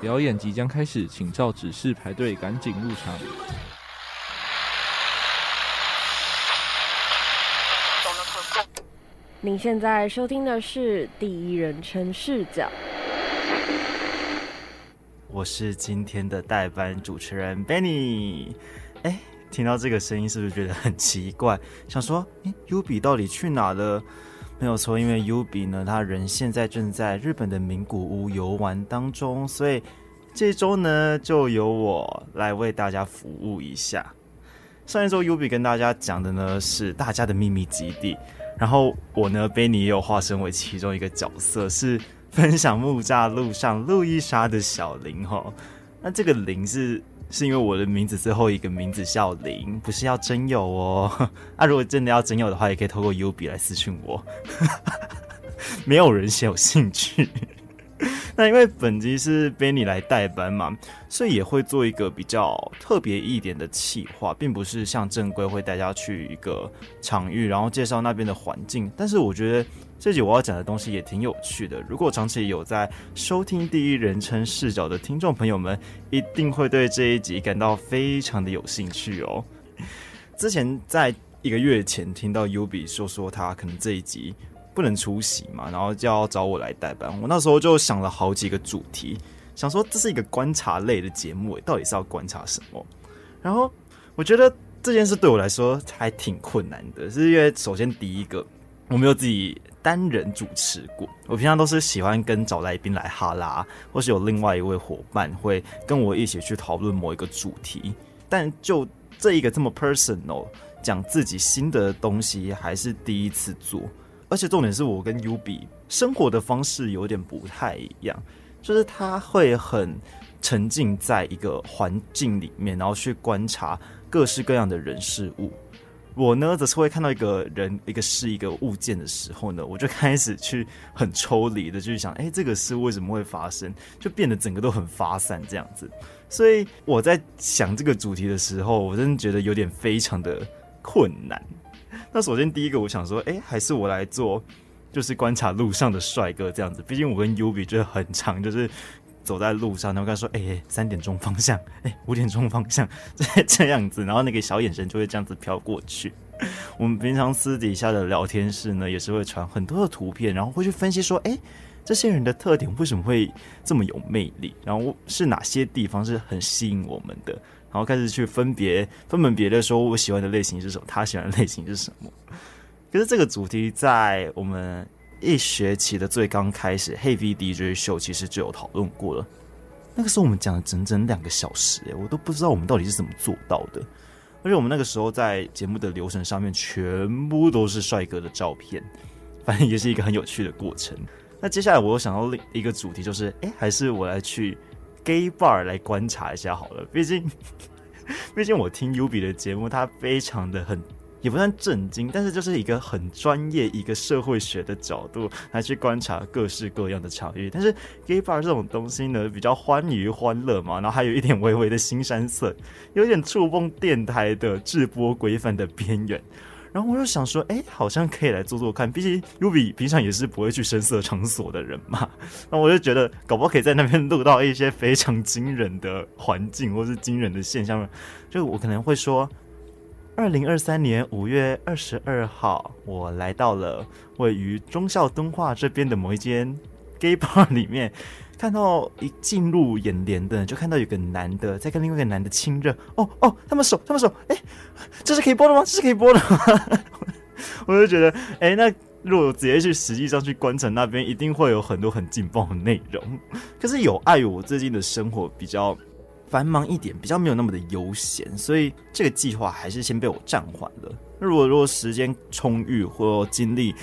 表演即將開始，請照指示排隊，趕緊入場。您現在收聽的是第一人稱視角，我是今天的代班主持人 Benny。哎，聽到這個聲音是不是覺得很奇怪？想說，欸，Yubi 到底去哪了？沒有錯，因為 Yubi 呢，他人現在正在日本的名古屋遊玩當中，所以這週呢就由我來為大家服務一下。上一周 Yubi 跟大家講的呢是大家的秘密基地，然後我呢 Benny 也有化身為其中一個角色，是分享木柵路上路易莎的小林哈、哦。那這個林是。是因為我的名字最後一個名字叫林，不是要徵友哦，那、 啊、如果真的要徵友的話，也可以透過 Yubi 來私訊我， 沒有人寫有興趣。那因為本集是 Benny 來代班嘛，所以也會做一個比較特別一點的企劃，並不是像正規會帶大家去一個場域，然後介紹那邊的環境。但是我覺得這集我要講的東西也挺有趣的。如果長期有在收聽第一人稱視角的聽眾朋友們，一定會對這一集感到非常的有興趣哦。之前在一個月前聽到 Yubi 說說他可能這一集。不能出席嘛，然後就要找我來代班。我那時候就想了好幾個主題，想說這是一個觀察類的節目，到底是要觀察什麼？然後我覺得這件事對我來說還挺困難的，是因為首先第一個我沒有自己單人主持過，我平常都是喜歡跟找來賓來哈拉，或是有另外一位夥伴會跟我一起去討論某一個主題，但就這一個這麼 personal 講自己新的東西，還是第一次做。而且重點是我跟 Yubi 生活的方式有點不太一樣，就是他會很沉浸在一個環境裡面，然後去觀察各式各樣的人事物。我呢則是會看到一個人、一個事、一個物件的時候呢，我就開始去很抽離的去想，哎、欸，這個事為什麼會發生？就變得整個都很發散這樣子。所以我在想這個主題的時候，我真的覺得有點非常的困難。那首先第一個，我想說，哎、欸，還是我來做，就是觀察路上的帥哥這樣子。畢竟我跟 U 比就是很常就是走在路上，然後跟他說，哎、欸，三點鐘方向，哎、欸，五點鐘方向，這樣子，然後那個小眼神就會這樣子飄過去。我們平常私底下的聊天室呢，也是會傳很多的圖片，然後會去分析說，哎、欸，這些人的特點為什麼會這麼有魅力，然後是哪些地方是很吸引我們的。然後開始去分別、分門別類說，我喜歡的類型是什麼，他喜歡的類型是什麼。其實這個主題在我們一學期的最剛開始，Hey VDJ Show 其實就有討論過了。那個時候我們講了整整兩個小時，誒，我都不知道我們到底是怎麼做到的。而且我們那個時候在節目的流程上面，全部都是帥哥的照片，反正也是一個很有趣的過程。那接下來我又想到另一個主題，就是哎，還是我來去。Gay bar 來觀察一下好了，畢竟，畢竟我聽 Yubi 的節目，他非常的很也不算震驚，但是就是一個很專業一個社會學的角度來去觀察各式各樣的場域。但是 Gay bar 這種東西呢，比較歡愉歡樂嘛，然後還有一點微微的腥膻色，有點觸碰電臺的製播規範的邊緣。然後我就想說，哎，好像可以來做做看，畢竟 Yubi 平常也是不會去聲色場所的人嘛。那我就覺得，搞不好可以在那邊錄到一些非常驚人的環境，或是驚人的現象。就我可能會說，二零二三年五月二十二號，我來到了位於忠孝敦化這邊的某一間 gay bar 裡面。看到一進入眼簾的，就看到有個男的在跟另外一個男的親熱。哦哦，他們手，他們手，哎，這是可以播的嗎？這是可以播的嗎？ 我就覺得，哎，那如果直接去實際上去觀察那邊，一定會有很多很勁爆的內容。可是有礙我最近的生活比較繁忙一點，比較沒有那麼的悠閒，所以這個計劃還是先被我暫緩了。那如果如果時間充裕或精力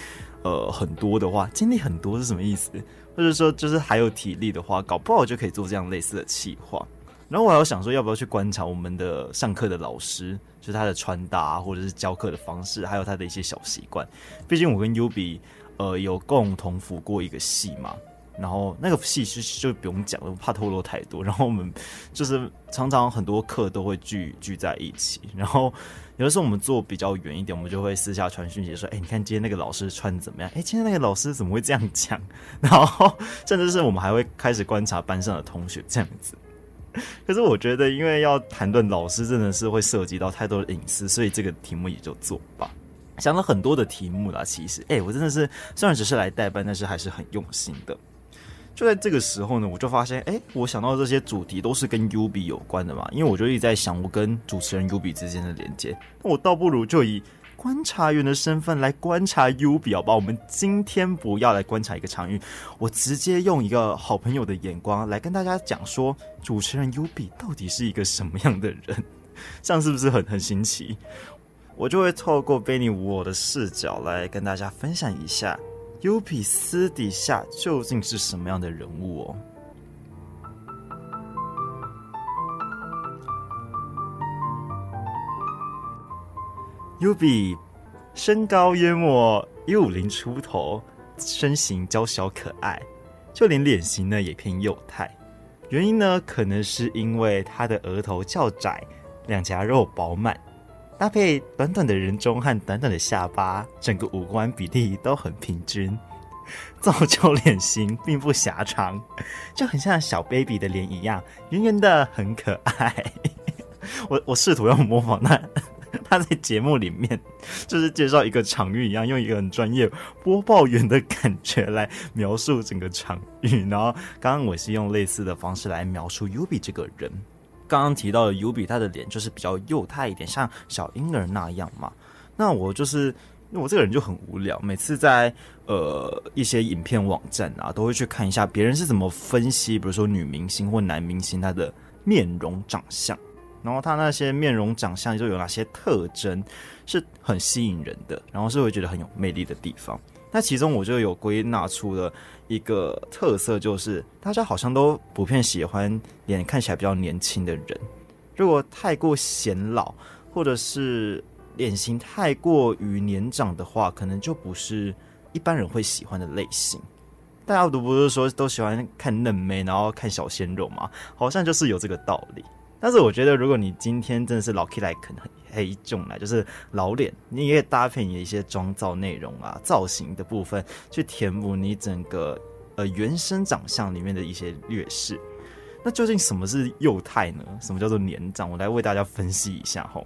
呃很多的話，精力很多是什麼意思？或者說，就是還有體力的話，搞不好就可以做這樣類似的企劃。然後我還有想說，要不要去觀察我們的上課的老師，就是他的穿搭啊，或者是教課的方式，還有他的一些小習慣。畢竟我跟 Yubi，呃，有共同服過一個戲嘛。然後那個戲就就不用講了，怕透露太多。然後我們就是常常很多課都會聚聚在一起。然後有的時候我們坐比較遠一點，我們就會私下傳訊息說：“哎，你看今天那個老師穿怎麼樣？哎，今天那個老師怎麼會這樣講？”然後甚至是我們還會開始觀察班上的同學這樣子。可是我覺得，因為要談論老師，真的是會涉及到太多的隱私，所以這個題目也就作罷。想了很多的題目啦，其實，哎，我真的是雖然只是來代班，但是還是很用心的。就在這個時候呢，我就發現，哎、欸，我想到這些主題都是跟 Yubi 有關的嘛，因為我就一直在想我跟主持人 Yubi 之間的連接。那我倒不如就以觀察員的身份來觀察 Yubi，好吧？我們今天不要來觀察一個場域，我直接用一個好朋友的眼光來跟大家講說，主持人 Yubi 到底是一個什麼樣的人？這樣是不是很很新奇？我就會透過 Benny 我的視角來跟大家分享一下。Yubi 私底下究竟是什麼樣的人物哦？Yubi 身高約莫一五零出頭，身形嬌小可愛，就連臉型呢也偏幼態。原因呢，可能是因為他的額頭較窄，兩頰肉飽滿。搭配短短的人中和短短的下巴，整個五官比例都很平均，造就臉型並不狹長，就很像小 baby 的臉一樣圓圓的，很可愛。 我我試圖要模仿他，他在節目裡面就是介紹一個場域一樣，用一個很專業播報員的感覺來描述整個場域，然後剛剛我是用類似的方式來描述 Yubi 這個人。剛剛提到的 Yubi，他的臉就是比較幼態一點，像小嬰兒那樣嘛。那我就是我這個人就很無聊，每次在呃一些影片網站啊，都會去看一下別人是怎麼分析，比如說女明星或男明星他的面容長相，然後他那些面容長相就有哪些特徵是很吸引人的，然後是會覺得很有魅力的地方。那其中我就有歸納出了一個特色，就是大家好像都普遍喜歡臉看起來比較年輕的人。如果太過顯老，或者是臉型太過於年長的話，可能就不是一般人會喜歡的類型。大家都不是說都喜歡看嫩妹，然後看小鮮肉嗎？好像就是有這個道理。但是我覺得，如果你今天真的是老 K 來，可能很重，就是老臉，你也可以搭配你的一些妝造內容啊、造型的部分，去填補你整個呃原生長相裡面的一些劣勢。那究竟什麼是幼態呢？什麼叫做年長？我來為大家分析一下吼，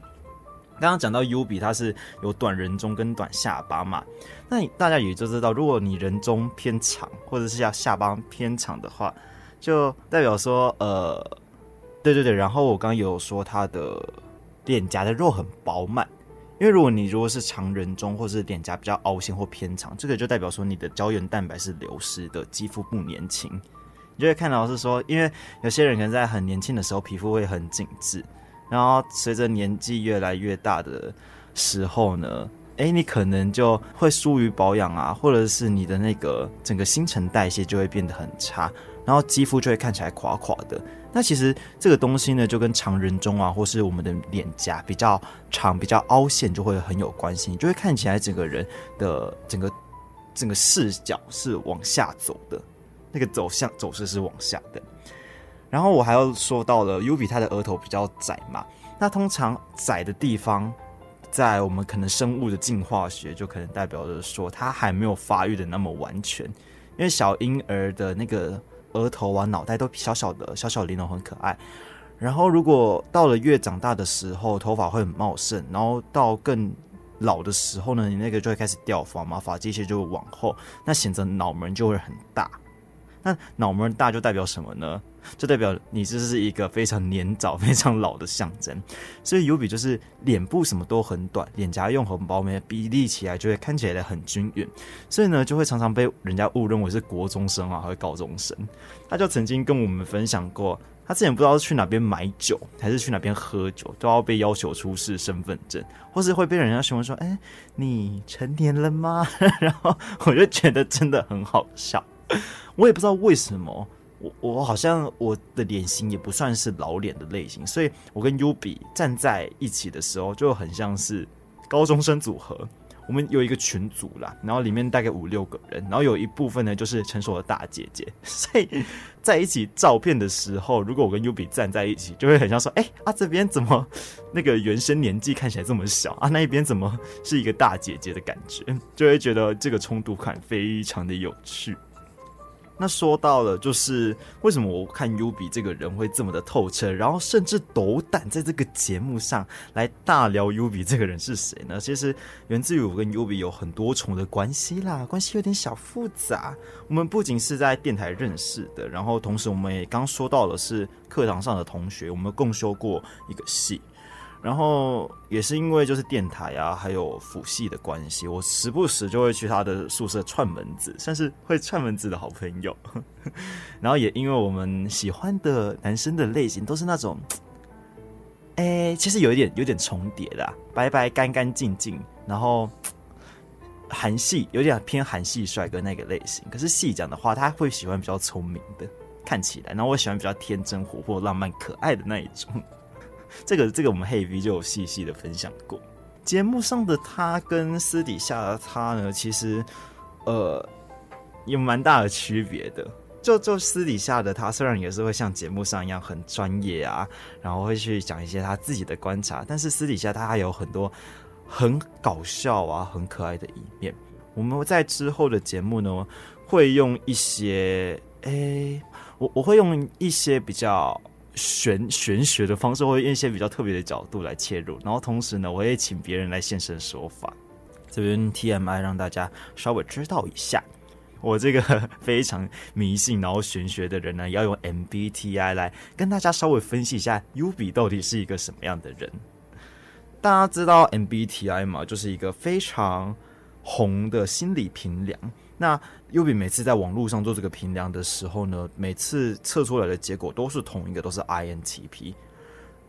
剛剛講到 Yubi，它是有短人中跟短下巴嘛，那大家也就知道，如果你人中偏長，或者是要下巴偏長的話，就代表說呃。對對對，然後我剛剛也有說他的臉頰的肉很飽滿，因為如果你如果是長人中，或者是臉頰比較凹陷或偏長，這個就代表說你的膠原蛋白是流失的，肌膚不年輕，你就會看到是說，因為有些人可能在很年輕的時候皮膚會很緊緻，然後隨着年紀越來越大的時候呢，誒，你可能就會疏於保養啊，或者是你的那個整個新陳代謝就會變得很差，然後肌膚就會看起來垮垮的。那其實這個東西呢，就跟長人中啊，或是我們的臉頰比較長、比較凹陷，就會很有關係，你就會看起來整個人的整個整個視角是往下走的，那個走向走勢是往下的。然後我還要說到了，Yubi 他的額頭比較窄嘛，那通常窄的地方，在我們可能生物的進化學，就可能代表着說他還沒有發育的那麼完全，因為小嬰兒的那個。額頭啊，腦袋都小小的，小小玲瓏很可愛。然後如果到了越長大的時候，頭髮會很茂盛。然後到更老的時候呢，你那個就會開始掉髮嘛，髮際線就會往後，那顯得腦門就會很大。那腦門大就代表什麼呢？就代表你這是一個非常年長、非常老的象徵，所以 Yubi 就是臉部什麼都很短，臉頰又很飽滿，比例起來就會看起來很均勻，所以呢就會常常被人家誤認為是國中生啊，或高中生。他就曾經跟我們分享過，他之前不知道是去哪邊買酒，還是去哪邊喝酒，都要被要求出示身份證，或是會被人家詢問說：“哎、欸，你成年了嗎？” 然後我就覺得真的很好笑，我也不知道為什麼。我我好像我的臉型也不算是老臉的類型，所以我跟 Yubi 站在一起的時候就很像是高中生組合。我們有一個群組啦，然後裡面大概五六個人，然後有一部分呢就是成熟的大姐姐，所以在一起照片的時候，如果我跟 Yubi 站在一起，就會很像說：“哎、欸、啊，這邊怎麼那個原生年紀看起來這麼小啊？那一邊怎麼是一個大姐姐的感覺？”就會覺得這個衝突感非常的有趣。那說到了，就是為什麼我看 Yubi 這個人會這麼的透徹，然後甚至斗膽在這個節目上來大聊 Yubi 這個人是誰呢？其實源自於我跟 Yubi 有很多重的關係啦，關係有點小複雜。我們不僅是在電台認識的，然後同時我們也剛說到的是課堂上的同學，我們共修過一個戲。然後也是因為就是電台啊，還有輔系的關係，我時不時就會去他的宿舍串門子，算是會串門子的好朋友。 然後也因為我們喜歡的男生的類型都是那種，哎、欸，其實有一點有點重疊的，白白乾干淨淨，然後韓系有點偏韓系帥哥那個類型。可是細講的話，他會喜歡比較聰明的，看起來，然後我喜歡比較天真活潑、浪漫可愛的那一種。這個這個，這個、我們黑 V 就有細細的分享過。節目上的他跟私底下的他呢，其實呃有蠻大的區別的。就就私底下的他，雖然也是會像節目上一樣很專業啊，然後會去講一些他自己的觀察，但是私底下他還有很多很搞笑啊、很可愛的一面。我們在之後的節目呢，會用一些誒，我我會用一些比較，玄玄學的方式，或者用一些比較特別的角度來切入，然後同時呢，我也請別人來現身說法。這邊 TMI 讓大家稍微知道一下，我這個非常迷信然後玄學的人呢，要用 MBTI 來跟大家稍微分析一下 U 比到底是一個什麼樣的人。大家知道 MBTI 嘛，就是一個非常紅的心理平量。那優比每次在網路上做這個評量的時候呢，每次測出來的結果都是同一個，都是 INTP。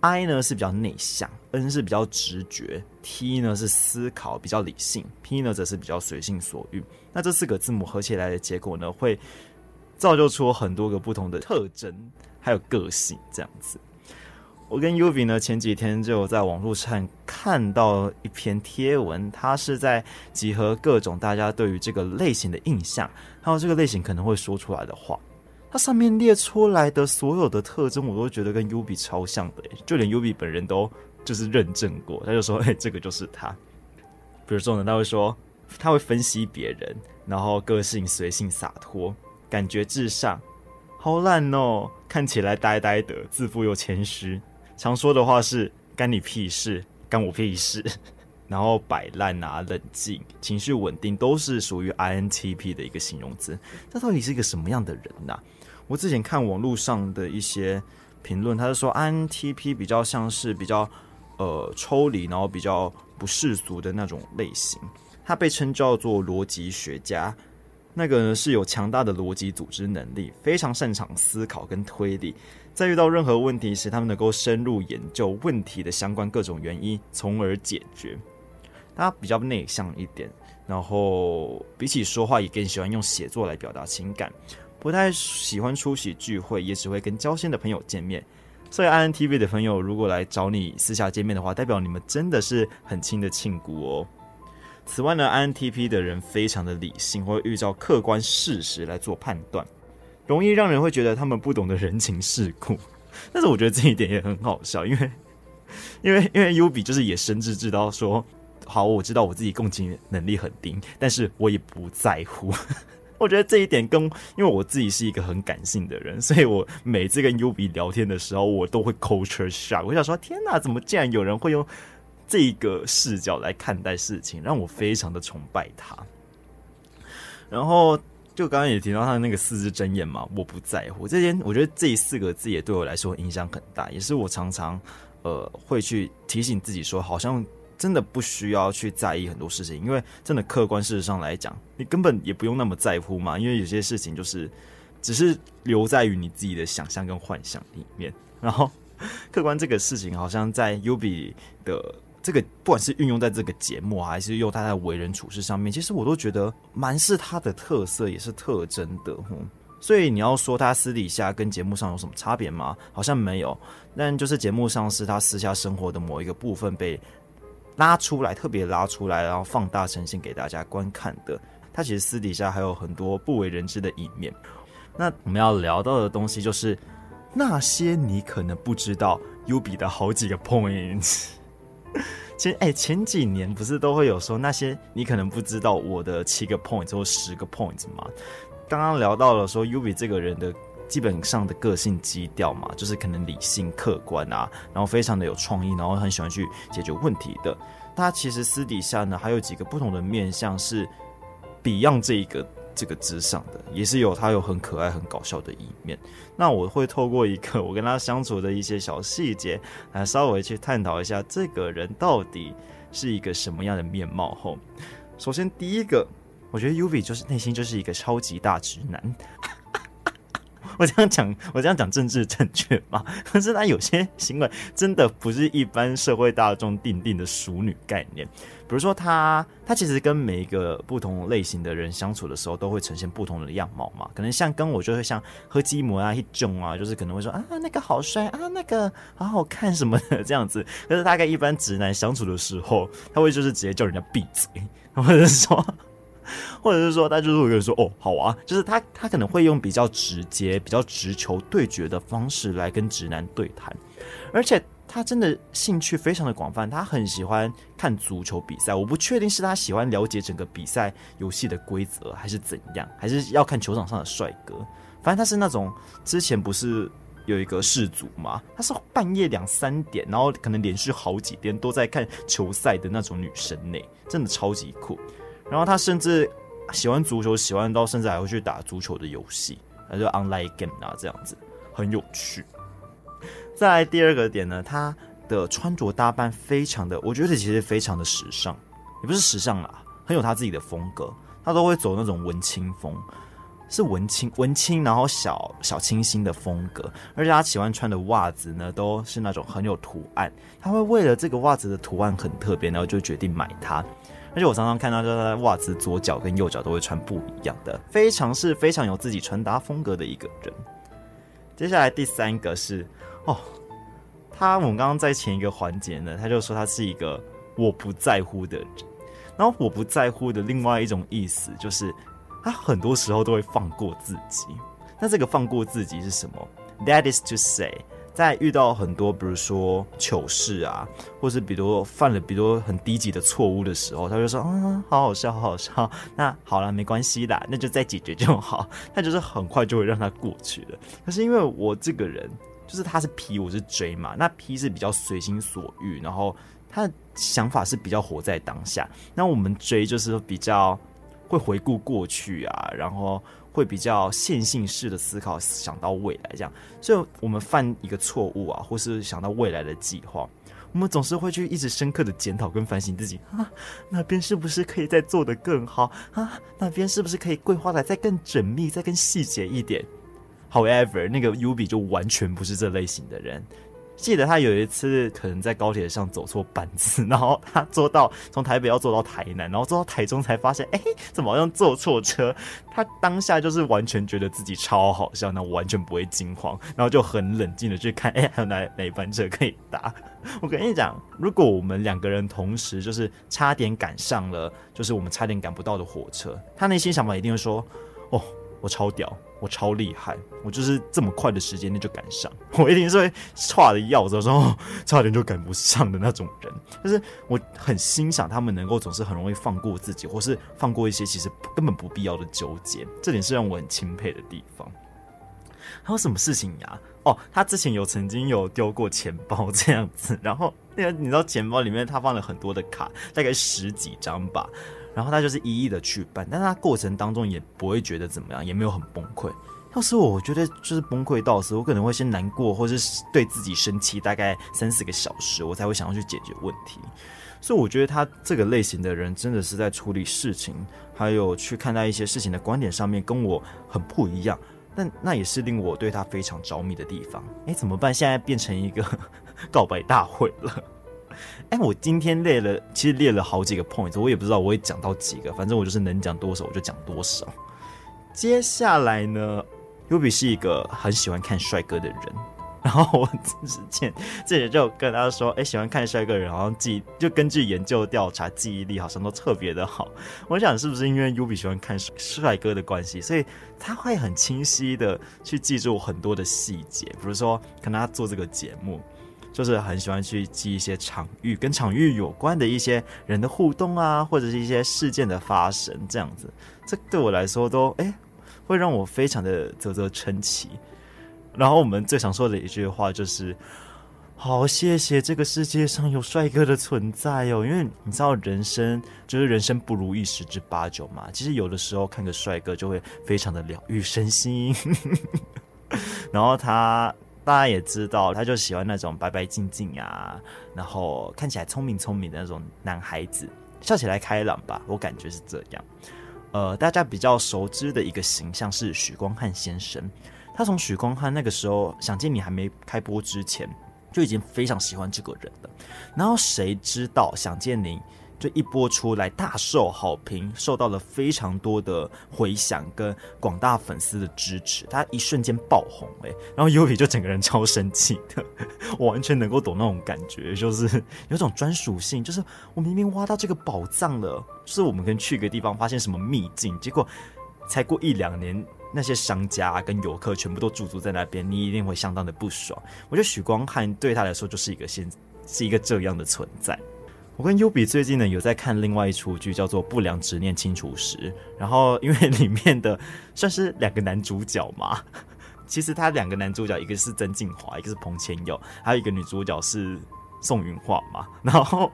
I 呢是比較內向，N 是比較直覺，T 呢是思考比較理性，P 呢則是比較隨性所欲。那這四個字母合起來的結果呢，會造就出很多個不同的特徵，還有個性這樣子。我跟 Yubi 呢，前幾天就有在網絡上看到一篇貼文，他是在集合各種大家對於這個類型的印象，還有這個類型可能會說出來的話。他上面列出來的所有的特徵，我都覺得跟 Yubi 超像的、欸，就連 Yubi 本人都就是認證過，他就說：“哎、欸，這個就是他。”比如說呢，他會說他會分析別人，然後個性隨性灑脫，感覺至上，好爛哦、喔，看起來呆呆的，自負又謙虛。常說的話是“干你屁事，干我屁事”，然後擺爛啊，冷靜、情緒穩定都是屬於 INTP 的一個形容詞。他到底是一個什麼樣的人呢啊？我之前看網絡上的一些評論，他就說 INTP 比較像是比較呃抽離，然後比較不世俗的那種類型。他被稱叫做邏輯學家，那個是有強大的邏輯組織能力，非常擅長思考跟推理。在遇到任何問題時，他們能夠深入研究問題的相關各種原因，從而解決。他比較內向一點，然後比起說話也更喜歡用寫作來表達情感，不太喜歡出席聚會，也只會跟交心的朋友見面。所以 INTP 的朋友如果來找你私下見面的話，代表你們真的是很親的親故哦。此外呢，INTP 的人非常的理性，會依照客觀事實來做判斷。容易讓人會覺得他們不懂得人情世故，但是我覺得這一點也很好笑，因為因為因為 Yubi 就是也深知知道說，好，我知道我自己共情能力很低，但是我也不在乎。 我覺得這一點跟，因為我自己是一個很感性的人，所以我每次跟 Yubi 聊天的時候，我都會 culture shock。我想說，天哪，啊，怎麼竟然有人會用這個視角來看待事情，讓我非常的崇拜他。然後。就剛剛也提到他的那個四字箴言嘛，我不在乎這些。我覺得這四個字也對我來說影響很大，也是我常常呃會去提醒自己說，好像真的不需要去在意很多事情，因為真的客觀事實上來講，你根本也不用那麼在乎嘛。因為有些事情就是只是留在於你自己的想象跟幻想裡面。然後客觀這個事情，好像在 Yubi 的。這個不管是運用在這個節目還是用他在為人處事上面，其實我都覺得蠻是他的特色，也是特徵的。所以你要說他私底下跟節目上有什麼差別嗎？好像沒有。但就是節目上是他私下生活的某一個部分被拉出來，特別拉出來，然後放大呈現給大家觀看的。他其實私底下還有很多不為人知的一面。那我們要聊到的東西就是那些你可能不知道優比的好幾個 point。前哎、欸、前幾年不是都會有說那些你可能不知道我的七個 point 或十個 point 嗎？剛剛聊到了說 Yubi 這個人的基本上的個性基調嘛，就是可能理性客觀啊，然後非常的有創意，然後很喜歡去解決問題的。他其實私底下呢還有幾個不同的面向是 Beyond 這一個。這個之上的，也是有，他有很可愛很搞笑的一面，那我會透過一個我跟他相處的一些小細節來稍微去探討一下這個人到底是一個什麼樣的面貌。吼，首先第一個，我覺得 Yubi 就是內心就是一個超級大直男。我這樣講，我這樣講政治正確嘛？可是他有些行為真的不是一般社會大眾定定的淑女概念。比如說他，他他其實跟每一個不同類型的人相處的時候，都會呈現不同的樣貌嘛。可能像跟我就會像喝雞膜啊、一炯啊，就是可能會說啊那個好帥啊，那個好好看什麼的這樣子。但是他跟一般直男相處的時候，他會就是直接叫人家閉嘴，或者是說。或者是說，他就是有人說，哦，好啊，就是他，他可能會用比較直接、比較直球對決的方式來跟直男對談，而且他真的興趣非常的廣泛，他很喜歡看足球比賽。我不確定是他喜歡了解整個比賽遊戲的規則，還是怎樣，還是要看球場上的帥哥。反正他是那種之前不是有一個世足嘛，他是半夜兩三點，然後可能連續好幾天都在看球賽的那種女生呢、欸，真的超級酷。然後他甚至喜歡足球，喜歡到甚至還會去打足球的遊戲，那就是 online game 啊，這樣子，很有趣。再來第二個點呢，他的穿着打扮非常的，我覺得其實非常的時尚，也不是時尚啦，很有他自己的風格。他都會走那種文青風，是文青文青，然後小小清新的風格。而且他喜歡穿的襪子呢，都是那種很有圖案。他會為了這個襪子的圖案很特別，然後就決定買它。而且我常常看到，就是他的襪子，左腳跟右腳都會穿不一樣的，非常是非常有自己穿搭風格的一個人。接下來第三個是哦，他我們剛剛在前一個環節呢，他就說他是一個我不在乎的人。然後我不在乎的另外一種意思就是，他很多時候都會放過自己。那這個放過自己是什麼？That is to say。在遇到很多比如說糗事啊，或是比如說犯了比如說很低級的錯誤的時候，他就說：“嗯，好好笑，好好笑。那”那好了，沒關係的，那就再解決就好，那就是很快就會讓他過去了。可是因為我這個人，就是他是 P，我是 J 嘛。那 P 是比較隨心所欲，然後他的想法是比較活在當下。那我們 J 就是比較會回顧過去啊，然後。會比較線性式的思考，想到未來這樣，所以我們犯一個錯誤啊，或是想到未來的計劃，我們總是會去一直深刻的檢討跟反省自己啊，哪邊是不是可以再做得更好啊，哪邊是不是可以規劃得再更縝密，再更細節一點。However，那個 Yubi 就完全不是這類型的人。記得他有一次可能在高鐵上走錯班次，然後他坐到從台北要坐到台南，然後坐到台中才發現，哎，怎麼好像坐錯車？他當下就是完全覺得自己超好笑，那完全不會驚慌，然後就很冷靜的去看，哎，還有哪哪班車可以搭？我跟你講，如果我們兩個人同時就是差點趕上了，就是我們差點趕不到的火車，他內心想法一定會說，哦。我超屌，我超厲害，我就是這麼快的時間內就趕上。我一定是會差的要死，然後差點就趕不上的那種人。但是我很欣賞他們能夠總是很容易放過自己，或是放過一些其實根本不必要的糾結，這點是讓我很欽佩的地方。還有什麼事情呀、啊？哦，他之前有曾經有丟過錢包這樣子，然後那個你知道錢包裡面他放了很多的卡，大概十幾張吧。然後他就是一一的去辦，但他過程當中也不會覺得怎麼樣，也沒有很崩潰。要是我，我覺得就是崩潰到時候，我可能會先難過，或是對自己生氣，大概三四個小時，我才會想要去解決問題。所以我覺得他這個類型的人真的是在處理事情，還有去看待一些事情的觀點上面跟我很不一樣。但那也是令我對他非常着迷的地方。哎，怎麼辦？現在變成一個告白大會了。哎、欸，我今天列了，其實列了好幾個 p o i n t 我也不知道我會講到幾個，反正我就是能講多少我就講多少。接下來呢，Yubi 是一個很喜歡看帥哥的人，然後我之前這裡就跟他說，哎、欸，喜歡看帥哥的人，好像記就根據研究調查，記憶力好像都特別的好。我想是不是因為 Yubi 喜歡看帥哥的關係，所以他會很清晰的去記住很多的細節，比如說跟他做這個節目。就是很喜歡去記一些場域，跟場域有關的一些人的互動啊，或者是一些事件的發生，這樣子，這對我來說都哎、欸，會讓我非常的嘖嘖稱奇。然後我們最常說的一句話就是：好、哦、謝謝這個世界上有帥哥的存在哦，因為你知道人生就是人生不如意十之八九嘛。其實有的時候看個帥哥就會非常的療癒身心， 然後他。大家也知道，他就喜歡那種白白淨淨啊，然後看起來聰明聰明的那種男孩子，笑起來開朗吧，我感覺是這樣。呃，大家比較熟知的一個形象是許光漢先生，他從許光漢那個時候想見你還沒開播之前，就已經非常喜歡這個人了。然後誰知道想見你。就一播出來，大受好評，受到了非常多的迴響跟廣大粉絲的支持，他一瞬間爆紅哎、欸，然後 Yubi 就整個人超生氣的，我完全能夠懂那種感覺，就是有種專屬性，就是我明明挖到這個寶藏了，是我們跟去一個地方發現什麼秘境，結果才過一兩年，那些商家跟遊客全部都駐足在那邊，你一定會相當的不爽。我覺得許光漢對他來說就是一個現，是一個這樣的存在。我跟 Yubi 最近呢有在看另外一出劇，叫做《不良執念清除師》。然後因為裡面的算是兩個男主角嘛，其實他兩個男主角一個是曾敬驊，一個是彭千佑，還有一個女主角是宋芸樺嘛。然後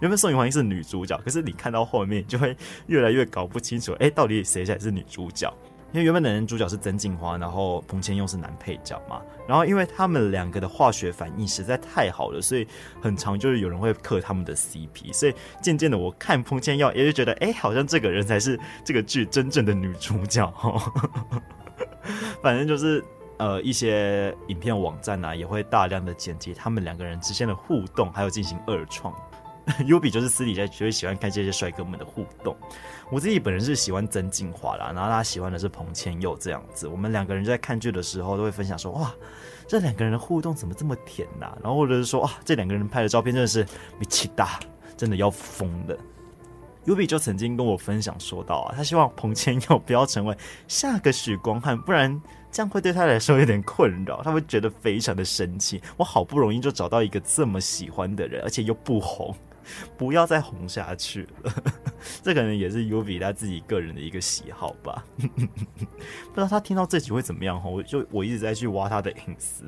原本宋芸樺應該是女主角，可是你看到後面就會越來越搞不清楚，哎，到底誰才是女主角？因為原本的男人主角是曾敬驊，然後彭千佑是男配角嘛，然後因為他們兩個的化學反應實在太好了，所以很常就是有人會嗑他們的 CP，所以漸漸的我看彭千佑也就覺得，哎、欸，好像這個人才是這個劇真正的女主角哈。 反正就是呃一些影片網站呢、啊、也會大量的剪輯他們兩個人之間的互動，還有進行二創。Yubi 就是私底下就會喜歡看這些帥哥們的互動，我自己本人是喜歡曾敬驊啦，然後他喜歡的是彭千佑這樣子。我們兩個人在看劇的時候都會分享說：“哇，這兩個人的互動怎麼這麼甜吶、啊？”然後或者是說：“哇、啊，這兩個人拍的照片真的是米奇大，真的要瘋的。”Yubi 就曾經跟我分享說到啊，他希望彭千佑不要成為下個許光漢，不然這樣會對他來說有點困擾，他會覺得非常的生氣。我好不容易就找到一個這麼喜歡的人，而且又不紅。不要再紅下去了， 這可能也是 Yubi 他自己個人的一個喜好吧。 不知道他聽到這集會怎麼樣，我就我一直在去挖他的隱私。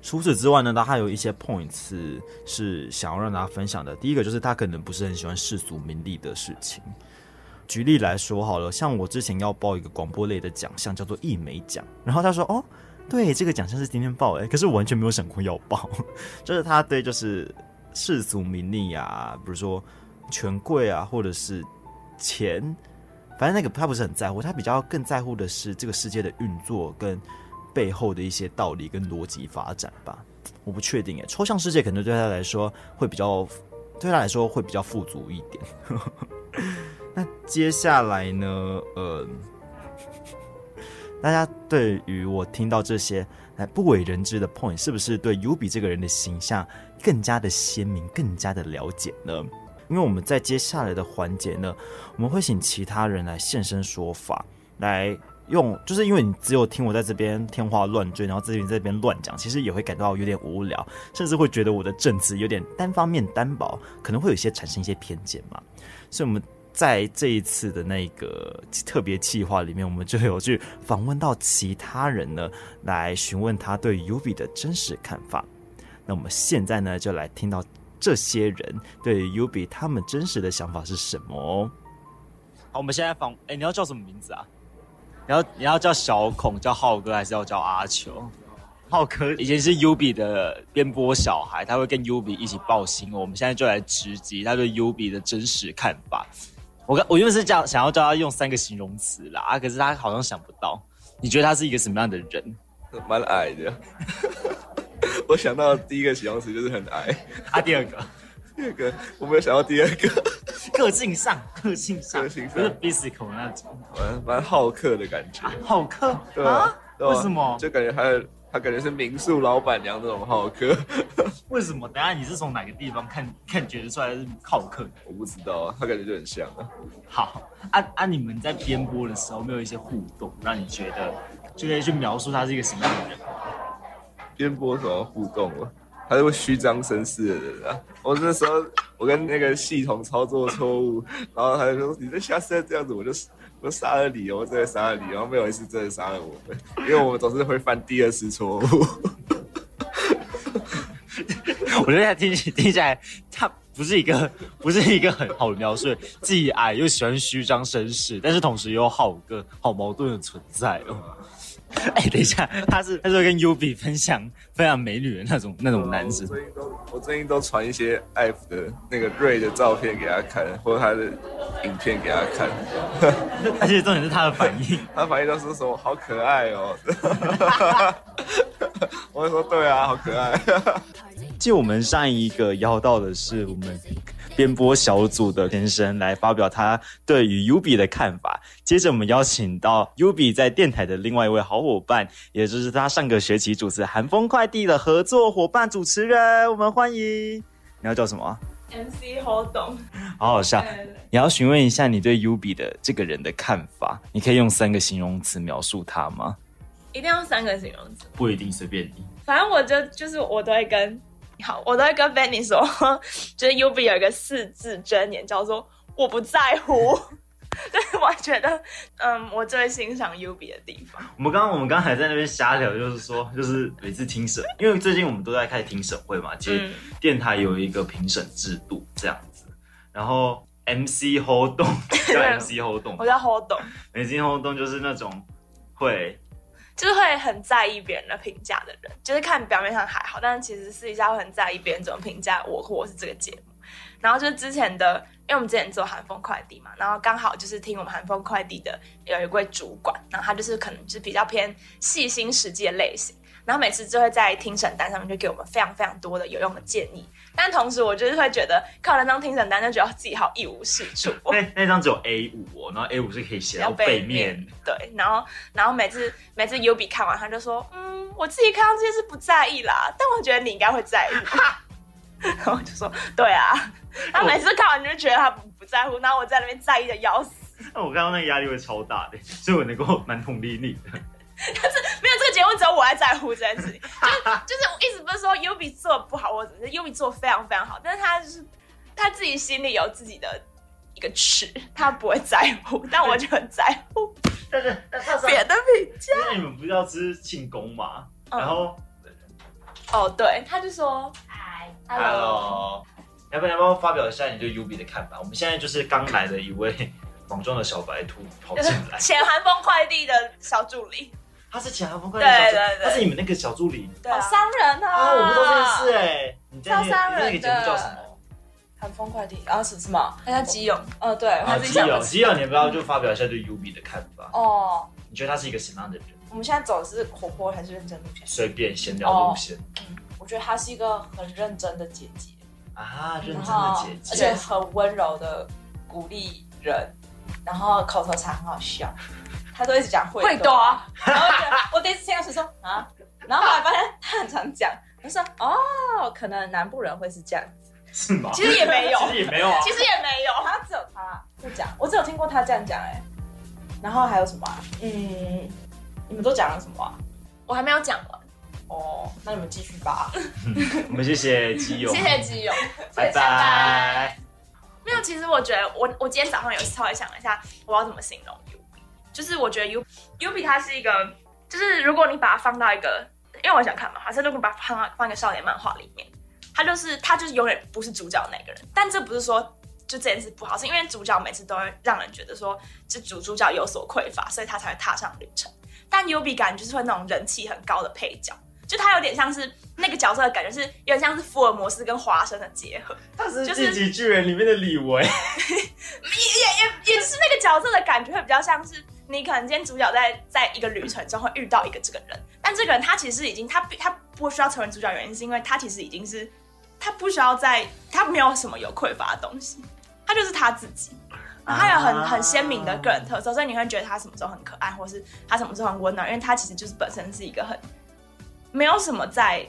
除此之外呢，他還有一些 points 是想要讓大家分享的。第一個就是他可能不是很喜歡世俗名利的事情。舉例來說好了，像我之前要報一個廣播類的獎項，叫做一枚獎，然後他說：“哦，對，這個獎項是今天報誒。”可是我完全沒有想過要報，就是他對就是。世俗名利啊，比如說權貴啊，或者是錢，反正那個他不是很在乎，他比較更在乎的是這個世界的運作跟背後的一些道理跟邏輯發展吧。我不確定哎，抽象世界可能對他來說會比較，對他來說會比較富足一點。 那接下來呢？呃，大家對於我聽到這些哎不為人知的 point，是不是對 Yubi 這個人的形象更加的鮮明，更加的了解呢。因為我們在接下來的環節呢，我們會請其他人來現身說法，來用，就是因為你只有聽我在這邊天花亂墜，然後自己在這邊亂講，其實也會感到有點無聊，甚至會覺得我的證詞有點單方面單薄，可能會有些產生一些偏見嘛。所以我們在這一次的那個特別計劃裡面，我們就有去訪問到其他人呢，來詢問他對 Yubi 的真實看法。那我們現在呢，就來聽到這些人對 Yubi 他們真實的想法是什麼哦？好，我們現在放。哎，你要叫什麼名字啊？你要你要叫小孔，叫浩哥，還是要叫阿球？浩哥以前是 Yubi 的編播小孩，他會跟 Yubi 一起報新。我們現在就來直擊他對 Yubi 的真實看法。我我原本是這樣想要叫他用三個形容詞啦，啊，可是他好像想不到。你覺得他是一個什麼樣的人？蠻矮的， 我想到的第一個形容詞就是很矮。啊，第二個，第二個我沒有想到第二個。個性上，個性上，不是 physical 那種，蠻蠻好客的感覺。啊、好客？對吧啊。對吧為什麼？就感覺他，他感覺是民宿老板娘這種好客。為什麼？等下你是從哪個地方看看覺得出來是好客？我不知道、啊，他感覺就很像啊。好，按、啊、按、啊、你們在編播的時候，沒有一些互動，讓你覺得。就可以去描述他是一個什麼樣的人。邊播時候互動了，他就會虛張聲勢的人啊。我那時候，我跟那個系統操作錯誤，然後他就說：“你在下次再這樣子，我就我殺了你了，我再殺了你。”然後沒有一次真的殺了我，因為我們總是會犯第二次錯誤。我覺得聽起聽下來差。不是一個，不是一個很好的描述，既矮又喜歡虛張聲勢，但是同時也有好個好矛盾的存在哦。哎，等一下，他是他是會跟 Yubi 分享分享美女的那種那種男子。我最近都，我最近都傳一些 AF 的那個 Ray 的照片給他看，或者他的影片給他看。而且重點是他的反應，他反應都是說好可愛哦。 我說對啊，好可愛。 就我們上一個邀到的是我們編播小組的先生來發表他對於 Yubi 的看法。接着我們邀請到 Yubi 在電台的另外一位好夥伴，也就是他上個學期主持《韓風快遞》的合作夥伴主持人。我們歡迎，你要叫什麼？MC 好懂，好好笑。對對對，你要詢問一下你對 Yubi 的這個人的看法，你可以用三個形容詞描述他嗎？一定要三個形容詞？不一定，隨便你。反正我就就是我都會跟。好，我都會跟 Benny 說，就是 Yubi 有一個四字箴言，叫做“我不在乎”，這是 我覺得，嗯，我最欣賞 Yubi 的地方。我們剛剛我們剛才在那邊瞎聊，就是說， 就是每次聽審，因為最近我們都在開始聽審會嘛， 其實電台有一個評審制度這樣子。然後 MC Holdon，叫 MC Holdon，我叫 Holdon，MC Holdon 就是那種會。就是會很在意別人的評價的人，就是看表面上還好，但是其實私底下會很在意別人怎麼評價我，或我是這個節目。然後就是之前的，因為我們之前做韓風快遞嘛，然後剛好就是聽我們韓風快遞的有一位主管，然後他就是可能就是比較偏細心、實際的類型。然後每次就會在聽審單上面就給我們非常非常多的有用的建議，但同時我就是會覺得靠那張聽審單就覺得自己好一無是處。欸、那那張只有 A 五哦，然後 A 五是可以寫到背面，背面。對，然後然後每次每次 Yubi 看完他就說，嗯，我自己看到這些是不在意啦，但我覺得你應該會在意。哈 然我、啊，然後就說，對啊，他每次看完就覺得他不，不在乎，然後我在那邊在意的要死。那我剛剛那個壓力會超大的，所以我能夠蠻同理你的。 但是沒有這個節目，只有我在在乎這件事情。 就是、就是我一直不是說 Yubi 做得不好或者 Yubi 做非常非常好，但是他就是他自己心裡有自己的一個尺，他不會在乎，但我就很在乎 但。但是別的比較那你們不要只進攻嗎、嗯、然後哦，對，對，對，oh, 對，他就說 Hi，Hello，要不要，要不要發表一下你對 Yubi 的看法？我們現在就是剛來的一位莽撞的小白兔跑進來，且寒風快遞的小助理。他是前韓風快遞，他是你們那個小助理。好傷人啊！我們都認識哎。傷人的那個節目叫什麼？韓風快遞啊，是是什麼？那叫吉勇。呃，對，還是吉勇。吉勇，你要不要就發表一下對 Yubi 的看法哦。你覺得他是一個什麼樣的人？我們現在走的是活潑還是認真路線？隨便閒聊路線。我覺得他是一個很認真的姐姐啊，認真的姐姐，而且很溫柔的鼓勵人，然後口頭禪很好笑。他都一直講會多，然後我第一次聽到是說啊，然後後來發現他很常講，他說哦，可能南部人會是這樣子，是嗎？其實也沒有，其實也沒有，其實也沒有，他只有他在講，我只有聽過他這樣講哎，然後還有什麼？嗯，你們都講了什麼？我還沒有講完。哦，那你們繼續吧，我們謝謝基友，謝謝基友，拜拜。沒有，其實我覺得我我今天早上有稍微想了一下，我要怎麼形容。就是我覺得 Yubi Yubi 它是一個，就是如果你把它放到一個，因為我想看嘛，好像如果把它放到放一個少年漫畫裡面，他就是他就是永遠不是主角那個人。但這不是說就這件事不好是，是因為主角每次都會讓人覺得說，就主主角有所匱乏，所以他才會踏上旅程。但 Yubi 感就是會那種人氣很高的配角，就他有點像是那個角色的感覺是，是有點像是福爾摩斯跟華生的結合。他是《進擊的巨人》裡面的李維，就是， 也也也也是那個角色的感覺會比較像是。你可能今天主角在在一個旅程中會遇到一個這個人，但這個人他其實已經他他不需要成為主角，原因是因為他其實已經是他不需要在他沒有什麼有匱乏的東西，他就是他自己，uh huh. 他有很很鮮明的個人特色，所以你會覺得他什麼時候很可愛，或是他什麼時候很溫暖，因為他其實就是本身是一個很沒有什麼在。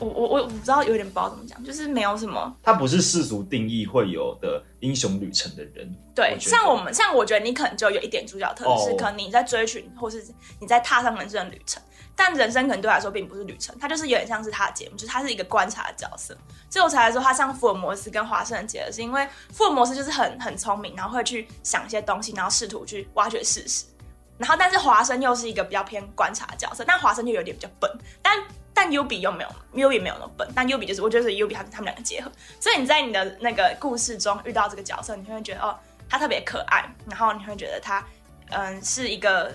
我我我不知道，有點不知道怎麼講，就是沒有什麼。他不是世俗定義會有的英雄旅程的人。對，我像我們，像我覺得你可能就有一點主角特質，oh. 可能你在追尋，或是你在踏上人生的旅程。但人生可能對來說並不是旅程，他就是有點像是他的節目，就是他是一個觀察的角色。所以我才來說他像福爾摩斯跟華生的結合，是因為福爾摩斯就是很很聰明，然後會去想一些東西，然後試圖去挖掘事實。然後但是華生又是一個比較偏觀察的角色，但華生就有點比較笨，但。但 Yubi 又沒有，Yubi 沒有那麼笨。但 Yubi 就是，我覺得是 Yubi，他跟他們兩個結合，所以你在你的那個故事中遇到這個角色，你會覺得哦，他特別可愛，然後你會覺得他，嗯，是一個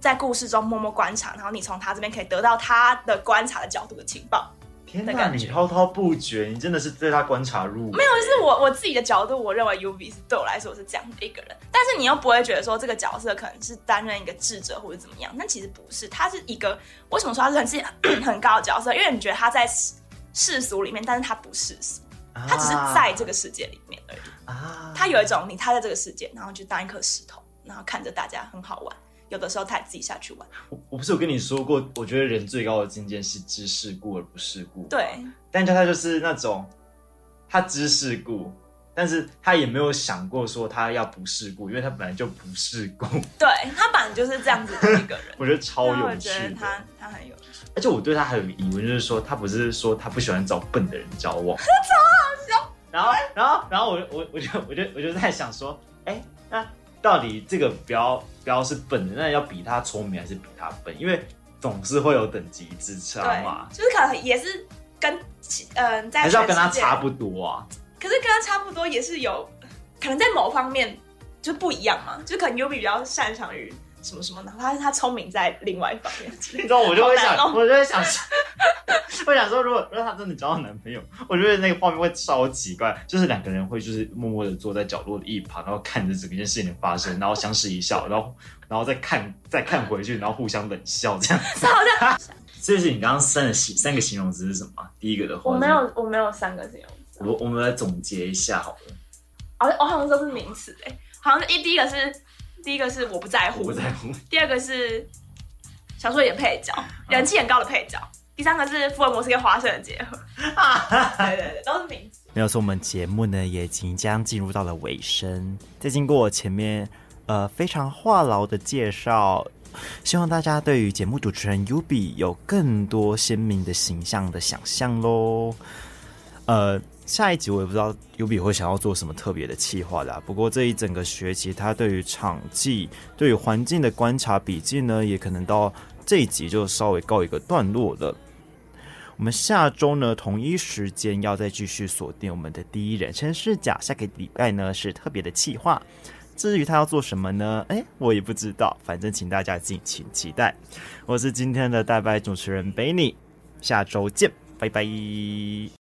在故事中默默觀察，然後你從他這邊可以得到他的觀察的角度的情報。天吶！你滔滔不絕，你真的是對他觀察入微。沒有，就是我我自己的角度，我認為 Yubi 是對我來說是這樣的一個人。但是你又不會覺得說，這個角色可能是擔任一個智者或者怎麼樣？但其實不是，他是一個為什麼說他是很很高的角色？因為你覺得他在世俗裡面，但是他不世俗，他只是在這個世界裡面而已。啊，他有一種你他在這個世界，然後就當一顆石頭，然後看着大家很好玩。有的時候他也自己下去玩。我我不是有跟你說過，我覺得人最高的境界是知世故而不世故。對。但是他就是那種，他知世故，但是他也沒有想過說他要不世故，因為他本來就不世故。對，他本來就是這樣子的一個人。 我覺得超有趣的。他他很有趣。而且我對他還有疑問，就是說他不是說他不喜歡找笨的人交往？ 超好笑。然後然後然後我就我我就我就我就在想說，哎、欸、那。到底這個標標是笨，那要比他聰明，還是比他笨？因為總是會有等級之差嘛。就是可能也是跟嗯、呃，在還是要跟他差不多啊。可是跟他差不多，也是有可能在某方面就不一樣嘛。就可能 Yubi 比較擅長於。什麼什麼？哪怕是他聰明在另外一方面。你知道，我就會想，難我就會想說， 我想說，如果如果他真的交到男朋友，我覺得那個畫面會超奇怪，就是兩個人會就是默默的坐在角落的一旁，然後看着整件事情的發生，然後相視一笑，然後然後再看再看回去，然後互相冷笑這樣子。好，這是你剛剛三個形三個形容詞是什麼？第一個的。我沒有，我沒有三個形容詞。我我們來總結一下好了。哦，我好像都是名詞哎、欸，好像一第一個是。第一個是我不在乎，不在乎，第二個是小說演配角，啊、人氣很高的配角，第三個是福爾摩斯跟華生的結合，哈哈哈都是名字。沒有錯，我們節目呢也即將進入到了尾聲，再經過我前面呃非常話癆的介紹，希望大家對於節目主持人 Yubi 有更多鮮明的形象的想象嘍，呃。下一集我也不知道 Yubi 會想要做什麼特別的企劃啦、啊。不過這一整個學期他對於場記、對於環境的觀察筆記呢，也可能到這一集就稍微告一個段落了。我們下周呢同一時間要再繼續鎖定我們的第一人稱視角。下個禮拜呢是特別的企劃，至於他要做什麼呢？誒、欸，我也不知道，反正請大家敬請期待。我是今天的代班主持人 Benny 下周見，拜拜。